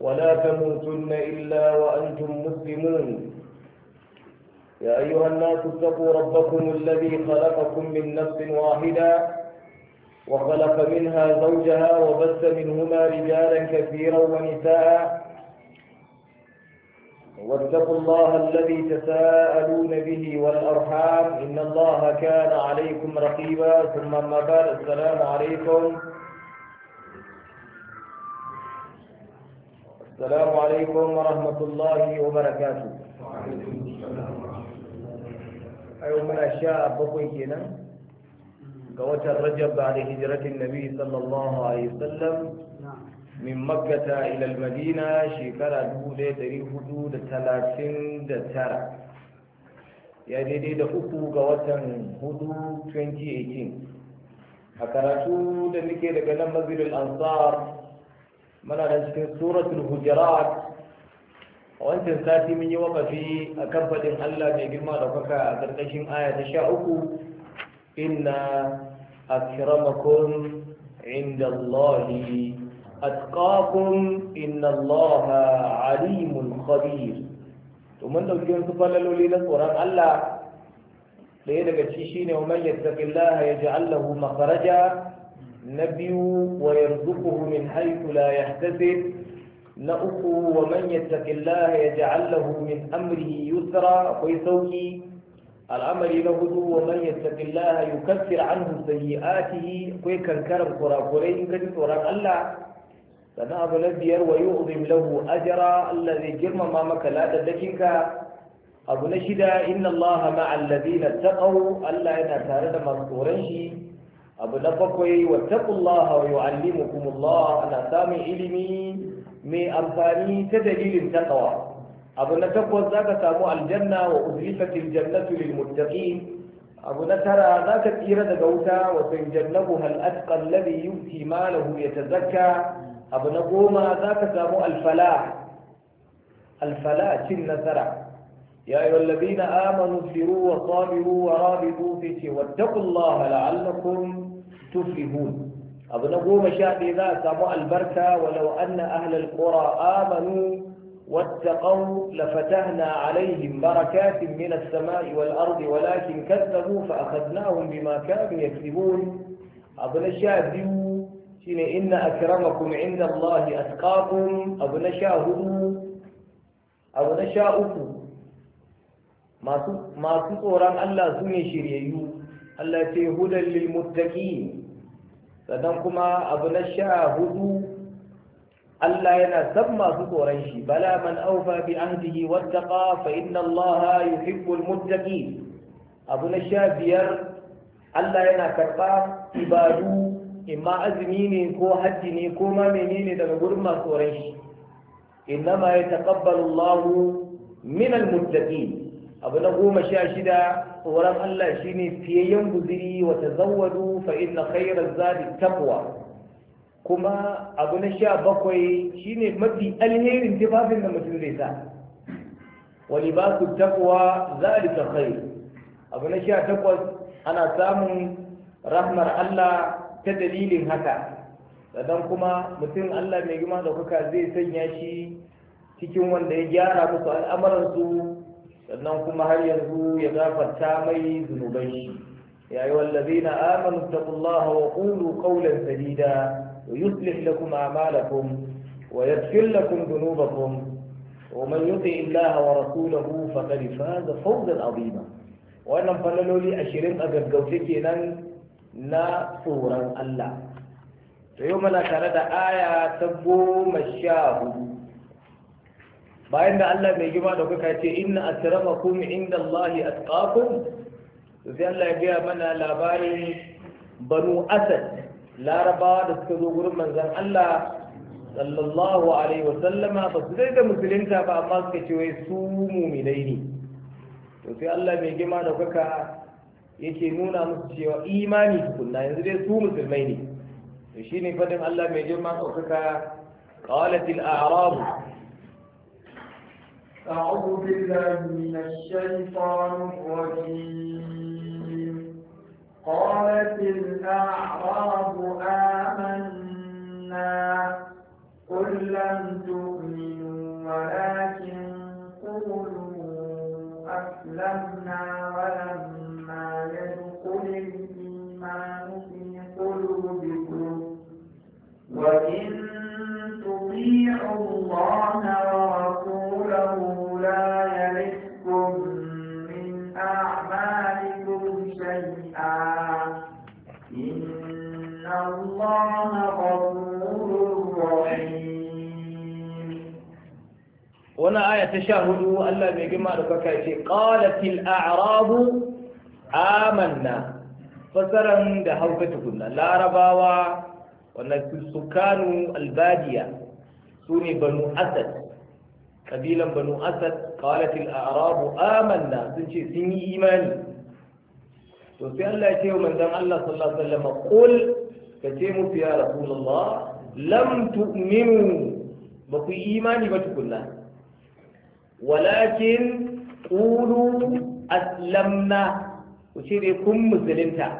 ولا تموتن إلا وأنتم مسلمون يا أيها الناس اتقوا ربكم الذي خلقكم من نفس واحدة وخلق منها زوجها وبث منهما رجالا كثيرا ونساء واتقوا الله الذي تساءلون به والأرحام إن الله كان عليكم رقيبا ثم ما بعد السلام عليكم السلام عليكم ورحمة الله وبركاته أيوة من أشياء بقوي كنا قوات الرجب بعد هجرة النبي صلى الله عليه وسلم من مكة إلى المدينة شكرا دولة تريه دولة ثلاثين دتارة ya daidai da uku ga watan hudu 2018 a karatu da muke daga nan mazilin ansar muna da cikin suratul hujurat a wancan sati mun yi wakafi a kan faɗin Allah mai girma da kuka a ƙarƙashin aya ta sha uku inna akramakum inda Allahi atqakum inna Allaha alimun khabir to mun dauki wasu falaloli na tsoron Allah ɗaya daga ci shine wa man yattaqillaha yaj'al lahu makaraja. na biyu wa yarzuquhu min haythu la yahtasib na uku wa man yattaqillaha yaj'al lahu min amrihi yusra akwai sauki al'amari na hudu wa man yattaqillaha yukaffir anhu sayyi'atihi akwai kankaran kurakurai in kaji tsoron Allah sannan abu na biyar wa yu'zim lahu ajra Allah zai girmama maka ladadakinka abu na shida inna Allah ma'a alladhina taqaw Allah yana tare da masu tsoron shi abu na bakwai wa taqullaha wa yu'allimukumullah ana samun ilimi mai amfani ta dalilin taqwa abu na takwas zaka samu aljanna wa uzlifatil jannatu lil muttaqin abu na tara za ka tsira daga wuta wa sai jannabu hal atqal ladhi yuti malahu yatazakka abu na goma za ka samu alfala alfala cin nasara ya ayyuhal ladina amanu firu wa sabiru wa rabitu fi ce wattaqullaha la'allakum tuflihun abu na goma sha ɗaya za a samu albarka walau anna ahlal qura amanu واتقوا لفتحنا عليهم بركات من السماء والأرض ولكن كذبوا فأخذناهم بما كانوا يكذبون أبن شاهدوا شين إن أكرمكم عند الله أتقاكم أبن شاهدوا أبن شاهدوا ما تصورا ألا سني شريعيو التي هدى للمتقين sannan kuma abu na sha hudu Allah yana san masu tsoron shi bala man aufa bi ahdihi wattaqa fa inna Allah yuhibbul muttaqin abu na sha biyar Allah yana karɓa ibadu imma azumi ne ko hajji ne ko ma menene daga gurin masu tsoron shi innama yataqabbalu Allah min al-muttaqin abu na goma sha shida tsoron Allah shi shine fiyayyen guziri wata zawadu fa inna kairar zadi taqwa kuma abu na sha bakwai shi ne mafi alherin tufafin da mutum zai sa wa libasu taqwa ta khair abu na sha takwas ana samun rahmar Allah ta dalilin haka sannan kuma mutum Allah mai girma da kuka zai sanya shi cikin wanda ya gyara musu al'amuransu sannan kuma har yanzu ya gafarta mai zunubai shi ya yi wallazina amanu taqullaha wa qulu qawlan sadida wa yuslih lakum a'malakum wa yaghfir lakum dhunubakum ومن يطع الله ورسوله فقد فاز فوزا عظيما wannan falaloli ashirin a gaggauce kenan na tsoron Allah to yau mana tare da aya ta goma sha hudu bayan da Allah mai girma da kuka ce inna atramakum inda Allah atqakum to sai Allah ya gaya mana labarin banu asad larabawa da suka zo gurin manzon Allah sallallahu alaihi wa sallama ba su dai da musulunta ba amma suka ce wai su muminai ne to sai Allah mai girma da kuka yake nuna musu cewa imani tukunna yanzu dai su musulmai ne to shine fadin Allah mai girma da kuka qalatil a'rabu أعوذ بالله من الشيطان الرجيم قالت الأعراب آمنا قل لم تؤمنوا ولكن قولوا أسلمنا ولما يدخل الإيمان في قلوبكم وإن تطيعوا الله wana شيئا إن الله غفور رحيم وانا آية تشاهد ألا بيجمع لك قالت الأعراب آمنا fasaran da hauka tukunna larabawa wannan su sukanu albadiya su banu asad kabilan banu asad qalat al a'rabu amanna sun ce sun yi imani to sai Allah ya ce wa manzon Allah sallallahu alaihi wasallam qul ka ce musu ya rasulullah lam tu'minu ba ku imani ba tukunna walakin qulu aslamna ku ce dai kun musulunta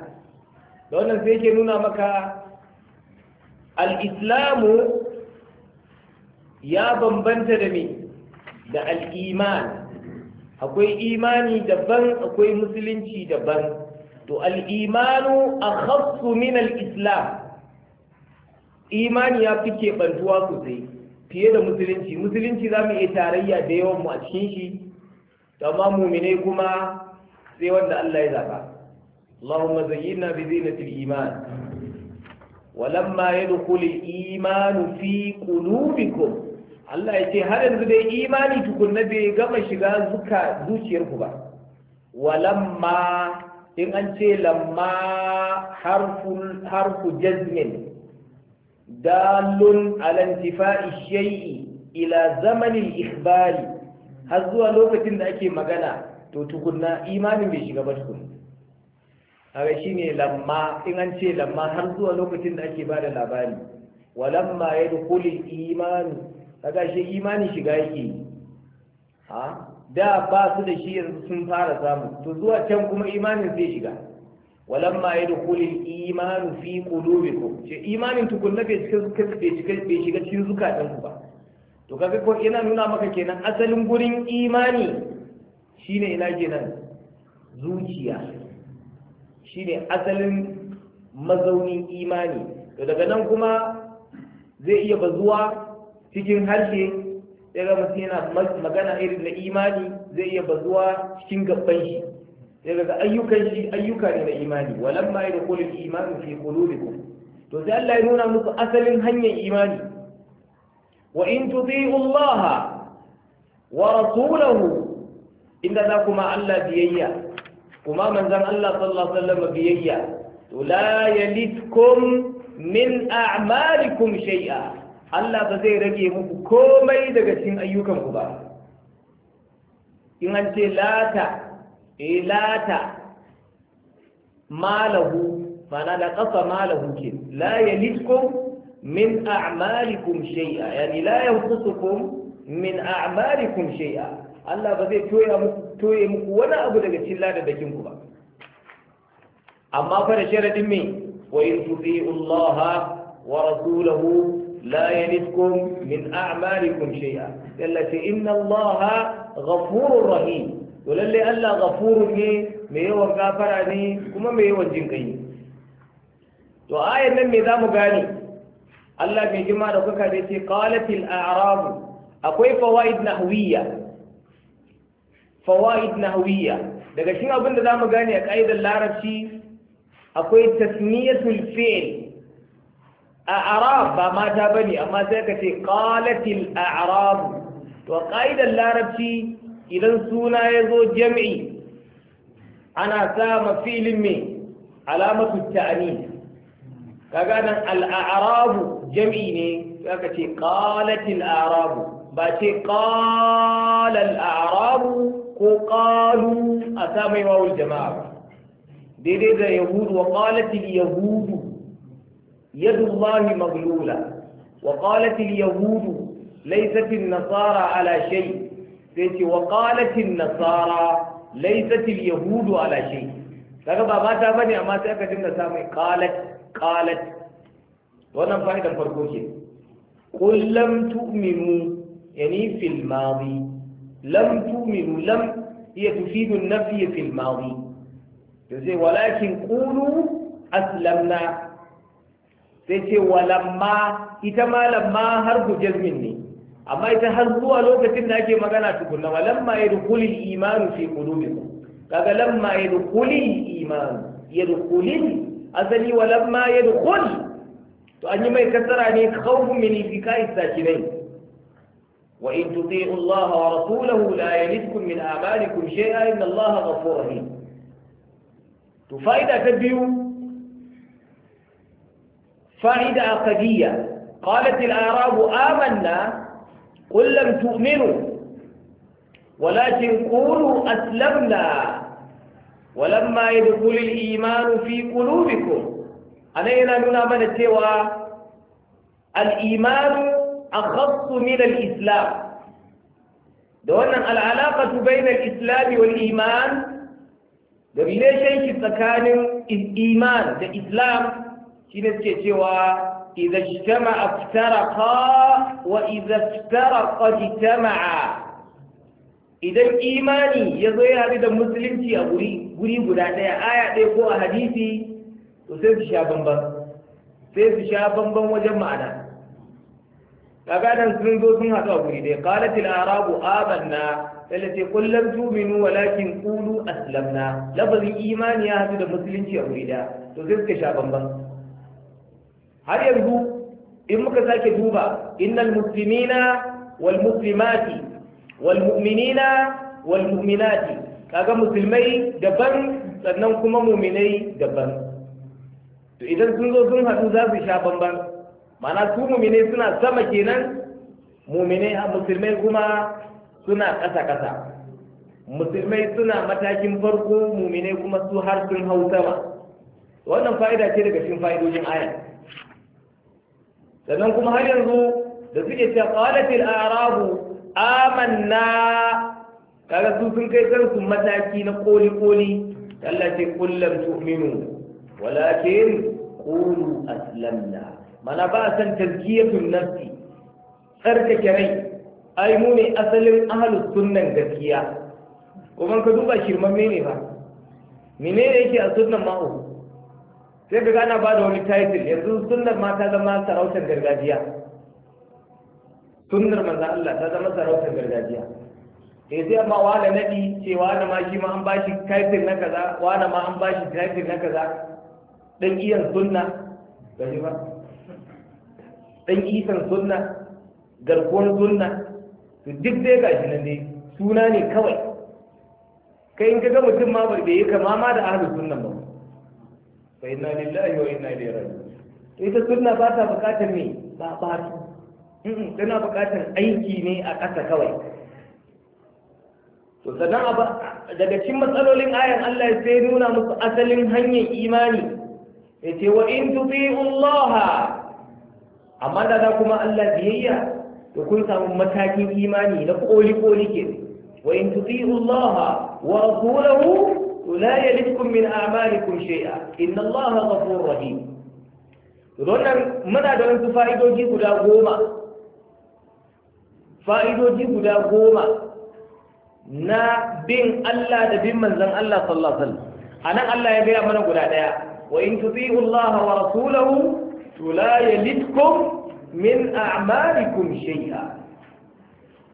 da wannan sai yake nuna maka al-islamu ya bambanta da me da al'iman akwai imani daban akwai musulunci daban to al'imanu a khassu min al'islam imani ya fi keɓantuwa sosai fiye da musulunci musulunci za mu iya tarayya da yawan mu a cikin shi amma muminai kuma sai wanda Allah ya zaba Allahumma zayyinna bi zinatil iman walamma yadkhulul imanu fi qulubikum Allah ya ce har yanzu dai imani tukunna bai gama shiga zuka zuciyarku ba walamma in an ce lamma harful harfu jazmin dalun ala intifa'i shay'i ila zamanin ikhbari har zuwa lokacin da ake magana to tukunna imanin bai shiga ba tukunna haka shine lamma in an ce lamma har zuwa lokacin da ake ba da labari walamma ya yadkhulul imanu kaga shi imani shiga yake ha da ba su da shi yanzu sun fara samu to zuwa can kuma imanin zai shiga walamma yadkhulu al-iman fi qulubikum ce imanin suka bai shiga bai shiga cikin zukatan ku ba to kaga ko ina nuna maka kenan asalin gurin imani shine ina kenan zuciya shine asalin mazaunin imani to daga nan kuma zai iya bazuwa cikin harshe ya ga yana magana irin na imani zai iya bazuwa cikin gaban shi ya ga ayyukan shi ayyuka ne na imani walan ma ya kullu imanu fi qulubikum to sai Allah ya nuna muku asalin hanyar imani wa in tuti'u Allah wa rasulahu inda za kuma Allah biyayya kuma manzon Allah sallallahu alaihi wasallam biyayya to la yalitkum min a'malikum shay'a Allah ba zai rage muku komai daga cikin ayyukanku ba in an ce lata e lata malahu mana na ƙasa malahu ke la yalitkum min a'malikum shay'a yani la yanqusukum min a'malikum shay'a Allah ba zai toye muku toye muku wani abu daga cikin ladadakin ku ba amma fada sharadin me wa in tuti'u Allah wa rasulahu لا يلدكم من أعمالكم شيئا التي إن الله غفور رحيم ولله ألا غفور ني ميوان غافر عني كما ميوان جنقي وآية نمي ذا مغاني الله في جمع ربك التي قالت الأعراب أقوي فوائد نحوية فوائد نحوية daga cikin abin da za mu gane a ƙa'idar larabci akwai tasmiyatul fi'l a'rab ba mata bane amma sai ka ce qalatil a'rab to qaidar larabci idan suna ya zo jami'i ana sa filin mai alamatu ta'ani kaga nan al'arabu jami'i ne aka ce qalatil arabu ba ce qalal arabu ko qalu a sa mai wawul jama'a ba daidai da yahudu wa qalatil yahudu يد الله مغلولة وقالت اليهود ليست النصارى على شيء وقالت النصارى ليست اليهود على شيء kaga ba mata bane amma sai aka dinga samun qalat qalat wannan fa'idan farko ce qul lam tu'minu yani fil madi lam tu'minu lam hiya tufidu an-nafy fil madi to sai walakin qulu aslamna sai ce walamma ita ma lamma har min ne amma ita har zuwa lokacin da ake magana tukunna walamma ya dukuli imanu fi qulubikum kaga lamma ya yadkhulul imanu dukuli azali walamma ya dukul to an yi mai kasara ne khawfun min ifikai sakinai wa in tuti'u Allah wa rasulahu la yalidkum min a'malikum shay'an inna Allah ghafurur rahim to fa'ida ta biyu فائدة عقدية قالت الأعراب آمنا قل لم تؤمنوا ولكن قولوا أسلمنا ولما يدخل الإيمان في قلوبكم علينا ننا من سوى الإيمان أخص من الإسلام دون العلاقة بين الإسلام والإيمان da relation shi tsakanin iman shi ne suke cewa idza ijtama aftaraqa wa idza iftaraqa ijtama'a idan imani ya zo ya haɗu da musulunci a guri guri guda ɗaya aya ɗaya ko a hadisi to sai su sha bamban sai su sha bamban wajen ma'ana kaga nan sun zo sun haɗu a guri ɗaya qalatil arabu amanna التي قل لم تؤمنوا ولكن قولوا أسلمنا لفظ إيمان يا هذا المسلم في أوليدا تزيد كشابا بس har yanzu in muka sake duba innal muslimina wal muslimati wal mu'minina wal mu'minati kaga musulmai daban sannan kuma mu'minai daban to idan sun zo sun haɗu za su sha bamban mana su mu'minai suna sama kenan mu'minai musulmai kuma suna ƙasa ƙasa musulmai suna matakin farko mu'minai kuma su har sun hau sama wannan fa'ida ce daga cikin fa'idojin aya sannan kuma har yanzu da suke cewa qalatil a'rabu amanna kaga su sun kai kansu mataki na koli koli Allah ce kullum tu'minu walakin qulu aslamna mana ba san tazkiyatun nafsi tsarkake rai ai mu ne asalin ahlus sunnan gaskiya kuma ka duba shirmamme ne ba menene yake a sunnan ma'u sai daga ana ba da wani title yanzu sunnar ma ta zama sarautar gargajiya sunnar manzo Allah ta zama sarautar gargajiya eh sai amma da nadi ce da ma shi ma an bashi title na kaza wa da ma an bashi title na kaza dan iyan sunna gaji ba dan isan sunna garkuwar sunna to duk dai gashi nan dai suna ne kawai kai in ka ga mutum ma bai yi kama ma da ahlus sunna ba fa inna lillahi wa inna ilaihi raji'un ita sunna ba ta bukatar me ba ba tana bukatar aiki ne a ƙasa kawai to sannan abu daga cikin matsalolin ayan Allah ya sai nuna musu asalin hanyar imani ya ce wa in tuti'u Allah amma da kuma Allah biyayya da kun samu matakin imani na koli koli ke wa in tuti'u Allah wa la yalidkum min a'malikum shay'a inna allaha ghafurur rahim muna da wasu fa'idoji guda goma na bin Allah da bin manzon Allah sallallahu alaihi wasallam Allah ya gaya mana guda ɗaya. wa in tuti'u Allah wa rasulahu la yalidkum min a'malikum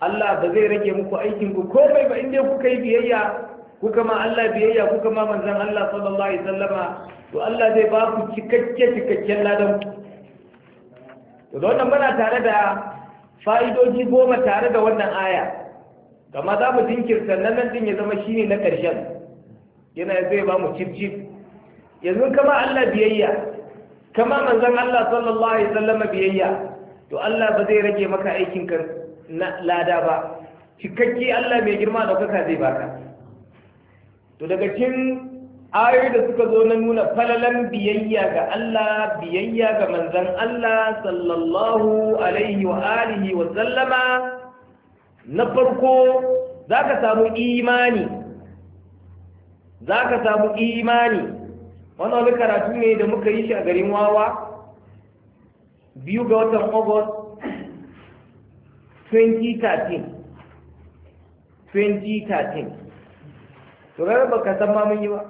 Allah ba zai rage muku aikinku, ku komai ba inda kuka yi biyayya kuka ma Allah biyayya kuka ma manzon Allah sallallahu alaihi sallama, to Allah zai ba ku cikakke cikakken ladan to da wannan muna tare da fa'idoji goma tare da wannan aya kama za mu jinkirta nan nan din ya zama shine na ƙarshen yana zai ba mu cip yanzu kama Allah biyayya kama manzon Allah sallallahu alaihi sallama biyayya to Allah ba zai rage maka aikin ka na lada ba cikakke Allah mai girma daukaka zai baka to daga cikin ayoyi da suka zo na nuna falalan biyayya ga Allah biyayya ga manzan Allah sallallahu alaihi wa alihi wa sallama na farko za ka samu imani za samu imani wannan wani karatu ne da muka yi shi a garin wawa biyu ga watan august 2013 2013 to gara ba ka san ma mun yi ba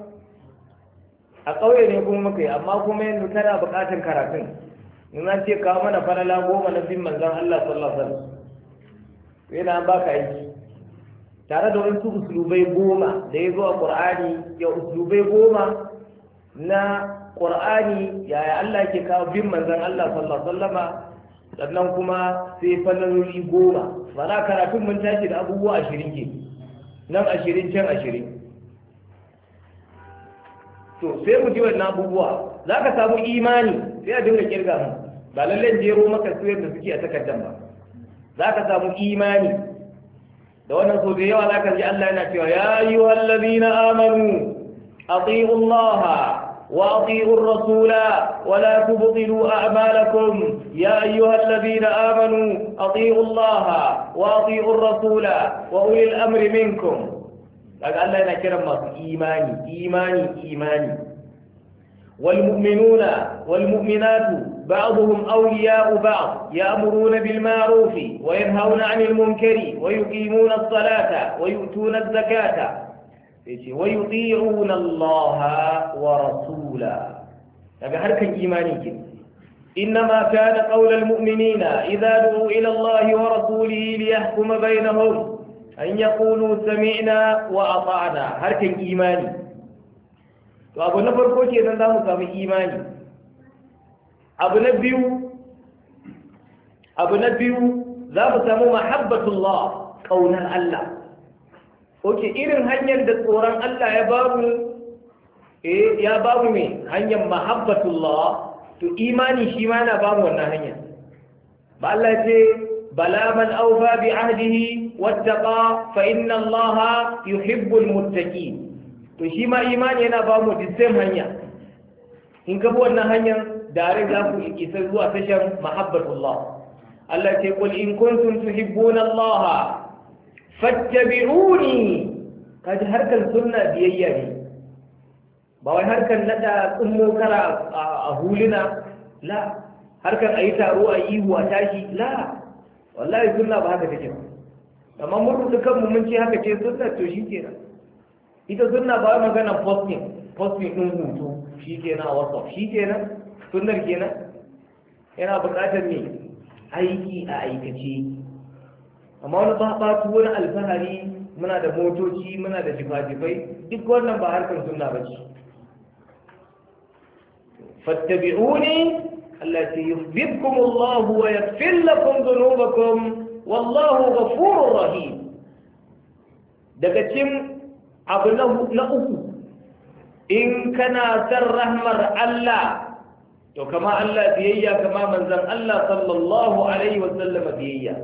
a ƙauye ne kuma muka yi amma kuma yanzu tana buƙatar karatun nuna ce kawo mana falala goma na bin manzan Allah sallallahu alaihi wasallam yana an baka aiki tare da wasu usulubai goma da ya zo a ƙur'ani ya usulubai goma na ƙur'ani yaya Allah ke kawo bin manzan Allah sallallahu alaihi wasallam sannan kuma sai falaloli goma mana karatun mun tashi da abubuwa ashirin ke nan ashirin can ashirin to sai mu ji wannan abubuwa za ka samu imani sai a dinga kirga mu ba lallai jero maka su yadda suke a takardar ba za ka samu imani da wannan so da yawa za ka ji Allah yana cewa ya yi na amanu أطيعوا الله وأطيعوا الرسول ولا تبطلوا أعمالكم يا أيها الذين آمنوا أطيعوا الله وأطيعوا الرسول وأولي الأمر منكم kaga Allah yana kiran masu imani imani imani wal mu'minuna بعضهم أولياء بعض يأمرون بالمعروف وينهون عن المنكر ويقيمون الصلاة ويؤتون الزكاة ويطيعون الله ورسوله هذا حركة إيمانية إنما كان قول المؤمنين إذا دعوا إلى الله ورسوله ليحكم بينهم an ya ƙulu sami'na wa ata'na harkan imani to abu na farko ke kenan za mu samu imani abu na biyu abu na biyu za mu samu mahabbatullah ƙaunar Allah oke irin hanyar da tsoron Allah ya babu eh ya babu me hanyar mahabbatullah to imani shi ma na babu wannan hanyar. ba Allah ya ce بلا من أوفى بعهده واتقى فإن الله يحب المتقين ma imani yana ba mu disem hanya in ka bi wannan hanyar dare za ku isa zuwa tashar mahabbatullah Allah ce kul in kuntum tuhibbuna Allah fattabi'uni kaji harkar sunna biyayya ne ba wai harkar nada tsummo a huluna harkar ayi taro a ihu a tashi wallahi sunna ba haka take ba amma mun rubuta kanmu mun ce haka ce sunna to shi kenan ita sunna ba magana posting posting din hutu shi kenan a whatsapp shi kenan sunnar kenan yana buƙatar ne aiki a aikace amma wani babatu wani alfahari muna da motoci muna da jifajifai duk wannan ba harkar sunna ba ce fattabi'uni التي يحببكم الله ويغفر لكم ذنوبكم والله غفور رحيم دكتم أبنه نأه إن كان ترحم الله تو كما الله بيئيا كما من زم الله صلى الله عليه وسلم بيئيا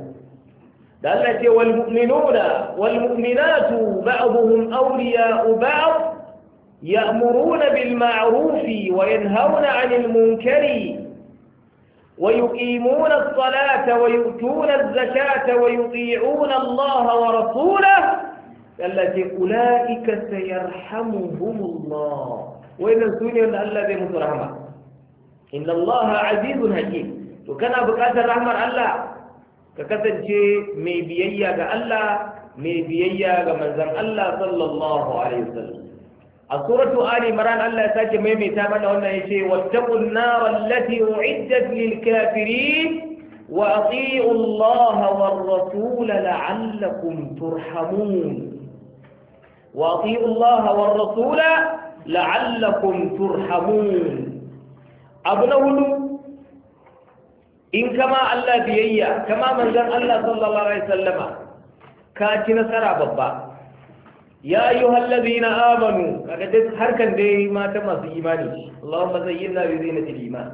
دالت والمؤمنون والمؤمنات بعضهم أولياء بعض يأمرون بالمعروف وينهون عن المنكر ويقيمون الصلاة ويؤتون الزكاة ويطيعون الله ورسوله التي أولئك سيرحمهم الله وإذا ألا بهم مترحمة إن الله عزيز حكيم وكان بقاتل رحمة الله ka kasance مي biyayya ga مي mai biyayya ألا صلى الله عليه وسلم a suratu ali imran Allah ya sake maimaita mana wannan yace wattaqun nar allati uiddat lil kafirin wa ati'u Allah war rasul la'allakum turhamun wa ati'u Allah war rasul la'allakum turhamun abu na hudu in kama Allah biyayya kama manzon Allah sallallahu alaihi wasallama ka ci nasara babba يا أيها الذين آمنوا أكدت حركا دي ما تم في إيماني اللهم زينا بزينة الإيمان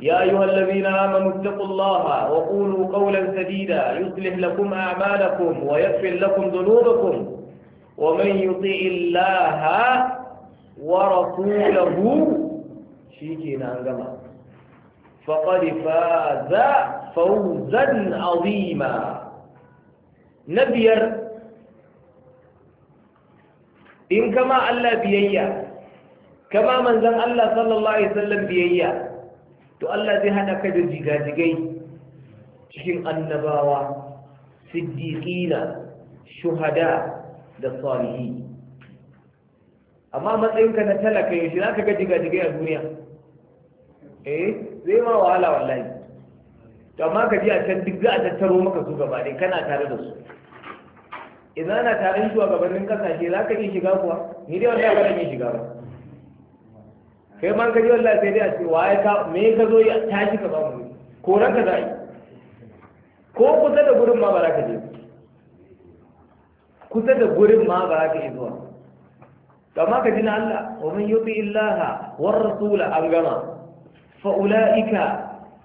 يا أيها الذين آمنوا اتقوا الله وقولوا قولا سديدا يصلح لكم أعمالكم ويغفر لكم ذنوبكم ومن يطع الله ورسوله شيكينا أنجما فقد فاز فوزا عظيما نبيا in kama Allah biyayya kama manzan Allah sallallahu Alaihi wasallam biyayya to Allah zai hada ka da jigajigai cikin annabawa siddiƙina shuhada da salihi amma matsayinka na talaka yaushe za ka ga jigajigai a duniya eh zai ma wahala wallahi to amma ka ji a can duk za a tattaro maka su gaba dai kana tare da su idan ana zuwa gabanin kasashe za ka iya shiga kuwa ni dai wanda ba iya shiga ba kai ma ka ji wallahi sai dai a ce waye ka me ka zo ya tashi ka ba mu ko ran za zai ko kusa da gurin ma ba za ka je kusa da gurin ma ba za ka yi zuwa kama ka ji na Allah wa man yuti illaha war rasula an gama fa ulaika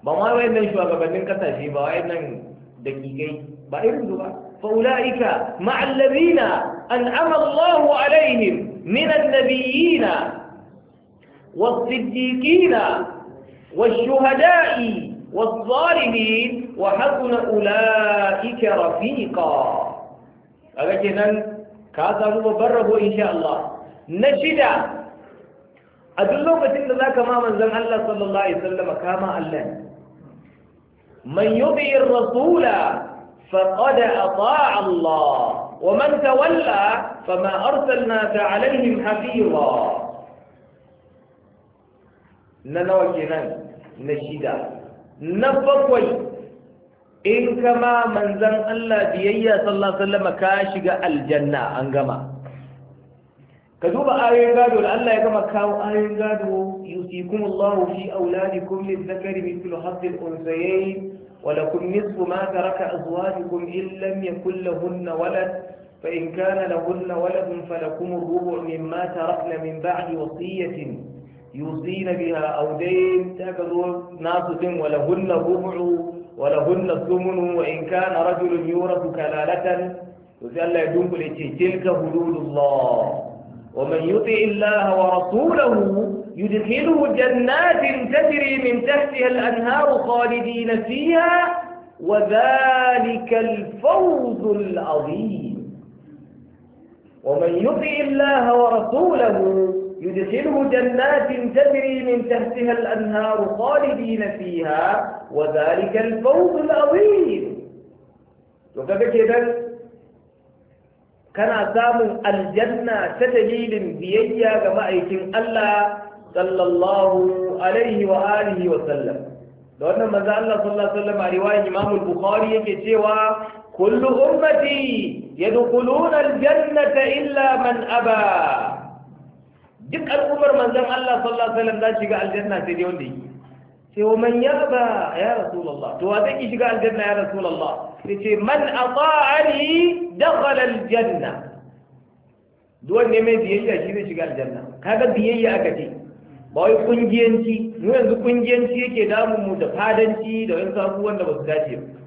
ba ma wayannan shugabannin kasashe ba wayannan dakikai ba irin su ba فأولئك مع الذين أنعم الله عليهم من النبيين والصديقين والشهداء والظالمين وحسن أولئك رفيقا أجل كذا مبره إن شاء الله نشد أدلو بسند ذاك ما من الله صلى الله عليه وسلم كما الله من يضي الرسول فقد أطاع الله ومن تولى فما أرسلناك عليهم حفيظا نلو جنان نشيدا نفقوي إن كما من زن الله بيئي صلى الله عليه وسلم كاشق الجنة أنقما كذوب آية قادوا الله يقوم كاو آية قادوا يسيكم الله في أولادكم للذكر مثل حظ الأنثيين ولكم نصف ما ترك أزواجكم إن لم يكن لهن ولد فإن كان لهن ولد فلكم الربع مما تركن من بعد وصية يوصين بها أو دين تأكدوا ناس ولهن الربع ولهن الثمن وإن كان رجل يورث كلالة وفي الله يدوم تلك حدود الله ومن يطع الله ورسوله يدخله جنات تجري من تحتها الأنهار خالدين فيها وذلك الفوز العظيم ومن يطع الله ورسوله يدخله جنات تجري من تحتها الأنهار خالدين فيها وذلك الفوز العظيم وكذا كان kana الجنة aljanna ta dalilin biyayya صلى الله عليه وآله وسلم لأن ما زال الله صلى الله عليه وسلم على رواية إمام البخاري يكتوى كل أمتي يدخلون الجنة إلا من أبى جبك الأمر من زال الله صلى الله عليه وسلم ذا شقاء الجنة سيديون دي سيو من يأبى يا رسول الله تواتيك شقاء الجنة يا رسول الله سيدي من أطاعني دخل الجنة دوان نمي ديالي أشيدي شقاء الجنة هذا ديالي أكتين ba wai kungiyanci mu yanzu kungiyanci yake damun mu da fadanci da wani sabu wanda ba su dace ba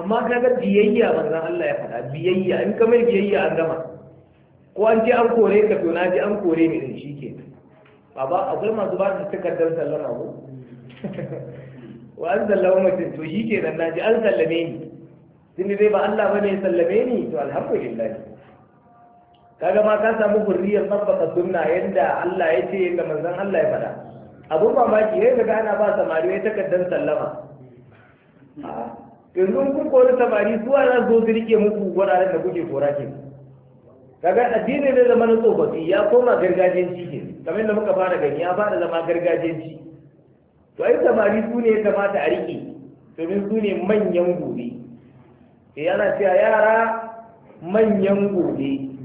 amma ga biyayya manzon Allah ya faɗa biyayya in mai biyayya an gama ko an ce an kore ka to na ji an kore ne din shikenan baba akwai masu ba su takardar sallama ko wa an sallama mutum to nan na ji an sallame ni tun dai ba Allah bane ya sallame ni to alhamdulillah kaga ma ka samu hurriyar tabbata sunna yadda Allah ya ce ga manzon Allah ya faɗa abun mamaki ne kaga ana ba samari ya takaddan sallama yanzu kun kori samari su ana zo rike muku wuraren da kuke kora ke kaga addini ne zama na tsofaffi ya koma gargajiyanci ke kamar da muka fara gani ya fara zama gargajiyanci to ai samari su ne ya kamata a rike domin su ne manyan gobe yana eh, cewa yara manyan gobe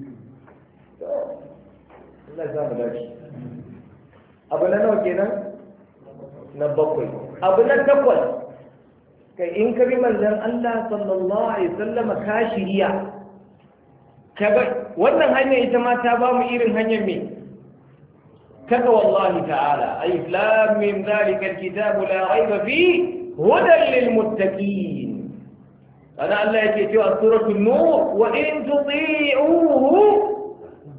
Allah ya mu dace abu na nawa kenan na bakwai abu na takwas kai in ka bi manzon Allah sallallahu alaihi wasallam ka shiriya ka ga wannan hanya ita ma ta ba mu irin hanyar me kaga wallahi ta'ala alif lam mim zalika alkitabu la raiba fihi hudan lil muttaqin أنا الله يكي سورة النور وإن تطيعوه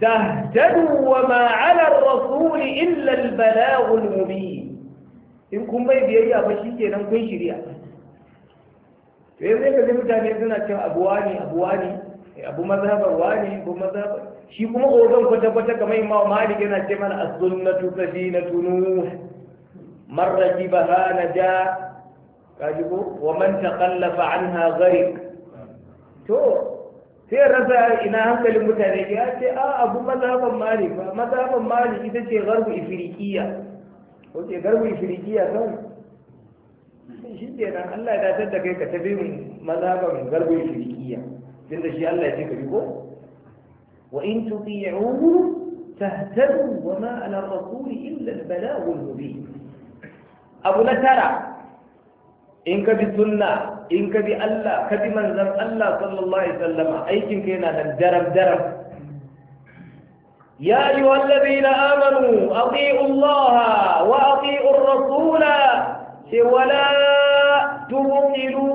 تهتدوا وما على الرسول إلا البلاغ المبين in kun bai biyayya ba shi kenan kun shirya to yanzu ka ga mutane suna cin abuwa ne abu mazhabar wani abu mazhabar shi kuma ogan kwata kwata kamar imam malik yana ce mana as-sunnatu na nuh man rakibaha naja ko wa man sai rasa ina hankalin mutane ke ya ce a abu mazhaban mali ba mazhaban mali ita ce garbu ifirikiya ko ce garbu ifirikiya kan shi ke nan Allah ya dace da kai ka tabi mazhaban garbu ifirikiya tunda shi Allah ya ce ka bi ko wa in tuti'uhu tahtadu wa ma ala rasul illa al-balagh al-mubin abu na tara in ka bi sunna in ka bi Allah ka bi manzan Allah sallallahu alaihi sallama aikin ka yana da daram daram ya yi wallabi na amanu a Allah wa a ƙi'un rasula ce wala tubukilu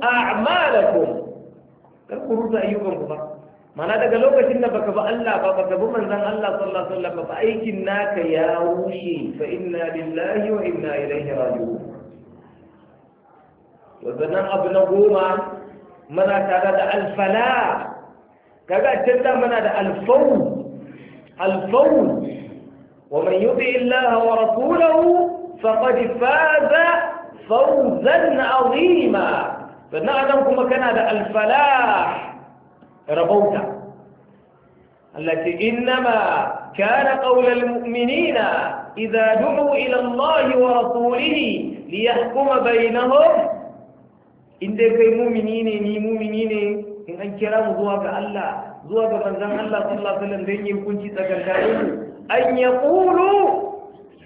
a amalakun kar ku rusa ayyukan ku ba mana daga lokacin da baka bi Allah ba baka bi manzan Allah sallallahu alaihi sallama ba aikin naka ya rushe fa inna lillahi wa inna ilaihi raji'un sannan abu na goma muna tare da alfala kaga tun da muna da alfawu alfawu wa man yuti illaha wa rasulahu faqad faza fawzan azima sannan adam kuma kana da alfala rabauta allati innama كان قول المؤمنين إذا دعوا إلى الله ورسوله ليحكم بينهم in dai kai mumini ne ni mumini ne in an kira mu zuwa ga Allah zuwa ga manzon Allah sallallahu alaihi wasallam dan yi hukunci tsakankare mu an yaqulu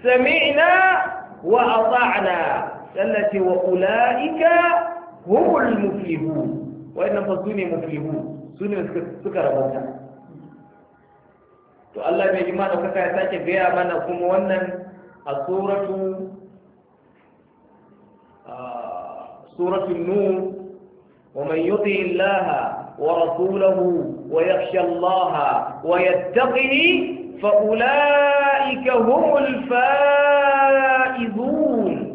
sami'na wa ata'na allati wa ulaika humul muflihun wa inna fasuni muflihun sune suka rabanta to Allah bai ji da kuka ya sake gaya mana kuma wannan a suratu سورة النور ومن يطع الله ورسوله ويخشى الله ويتقه فأولئك هم الفائزون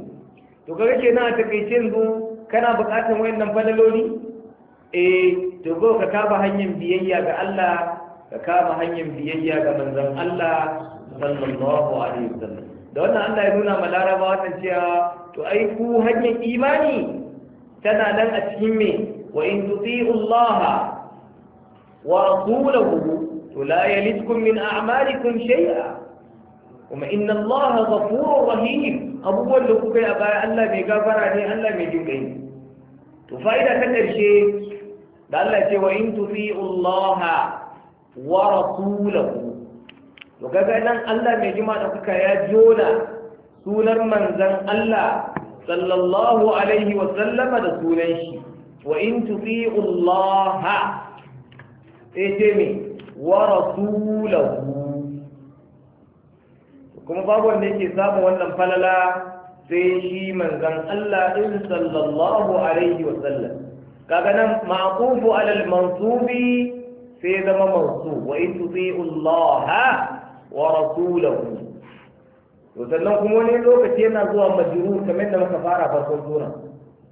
to kaga kenan a takaice yanzu kana buƙatar wayannan falaloli eh to go ka kama hanyar biyayya ga Allah ka kama hanyar biyayya ga manzon Allah sallallahu alaihi wasallam da wannan Allah ya nuna ma Larabawa cewa to ai ku hanyar imani tana nan a cikin me wa in tuti'u Allah wa rasulahu to la yalidkum min a'malikum shay'a kuma inna Allah ghafurur rahim abubuwan da kuka yi a baya Allah mai gafara ne Allah mai jin kai to fa'ida ta karshe da Allah ce wa in tuti'u Allah wa rasulahu to kaga nan Allah mai jima da kuka ya jona sunar manzan Allah sallallahu alaihi wa sallama da sunan shi wa in tuti'u Allah sai ce me wa rasulahu kuma babu wanda yake samun wannan falala sai shi manzon Allah din sallallahu alaihi wa sallam kaga nan maqufu alal mansubi sai zama mansu wa in tuti'u Allah wa rasulahu to sannan kuma wani lokaci yana zuwa majrur kamar da muka fara farkon sura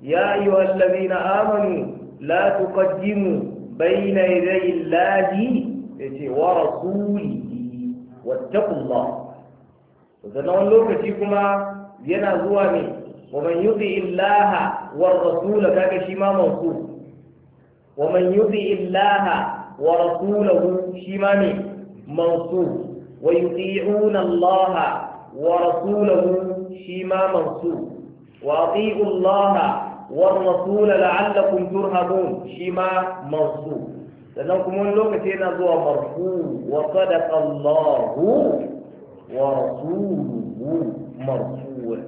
ya ayyuhal ladina amanu la tuqaddimu bayna yaday illahi yace wa rasulihi wattaqullah to sannan wani lokaci kuma yana zuwa ne wa man yuti illaha war rasul kaga shi ma mawquf wa man yuti illaha wa rasulahu shi ma ne mawquf wa yuti'una allaha ورسوله شيما منصوب وأطيعوا الله والرسول لعلكم ترهبون شيما منصوب لأنكم من لوكتين أزوى مرفوع وصدق الله ورسوله مرفوع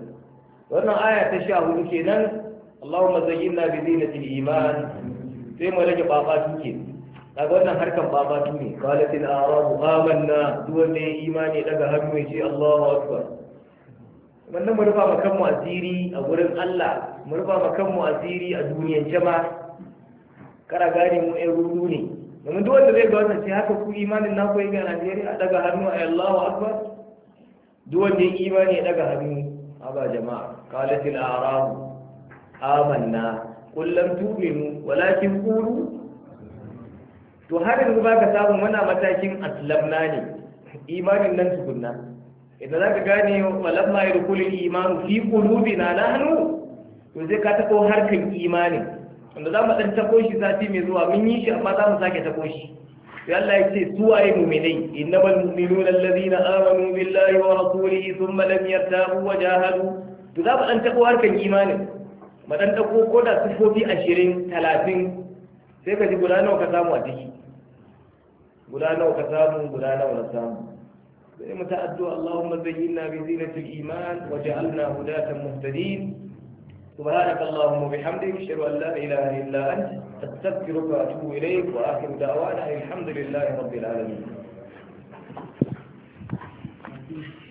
وأنا آية تشاهد كنا اللهم زينا بزينة الإيمان sai mu rage baba duke kaga wannan harkan babatu ne qalatil a'rabu amanna duk wanda ya imani daga hannu ya ce Allahu akbar wannan mu rufa makan mu asiri a gurin Allah mu rufa makan mu asiri a duniyar jama'a kara gane mu ɗan rudu ne domin duk wanda zai ga wannan sai haka ku imanin na koyi ga Najeriya daga hannu a Allahu akbar duk wanda ya imani daga hannu a ba jama'a qalatil a'rabu amanna qul lam tu'minu walakin qulu to har yanzu ba ka samu mana matakin aslamna ne imanin nan tukunna idan za ka gane walamma ya rukuli imanu fi na nahnu to sai ka tako harkan imanin wanda za mu ɗan tako shi sati mai zuwa mun yi shi amma za mu sake tako shi sai Allah ya ce su waye mu'minai innamal mu'minuna allazina amanu billahi wa rasulihi thumma lam yartabu wa jahadu to za mu ɗan tako harkan imanin mu ɗan tako ko da sifofi 20 30 sai ka ji guda nawa ka samu a ciki guda nawa ka samu guda nawa na samu sai mu ta Allahumma zayyinna bi zinatil iman waj'alna hudatan muhtadin سبحانك اللهم وبحمدك اشهد ان لا اله الا انت استغفرك واتوب اليك واخر دعوانا الحمد لله رب العالمين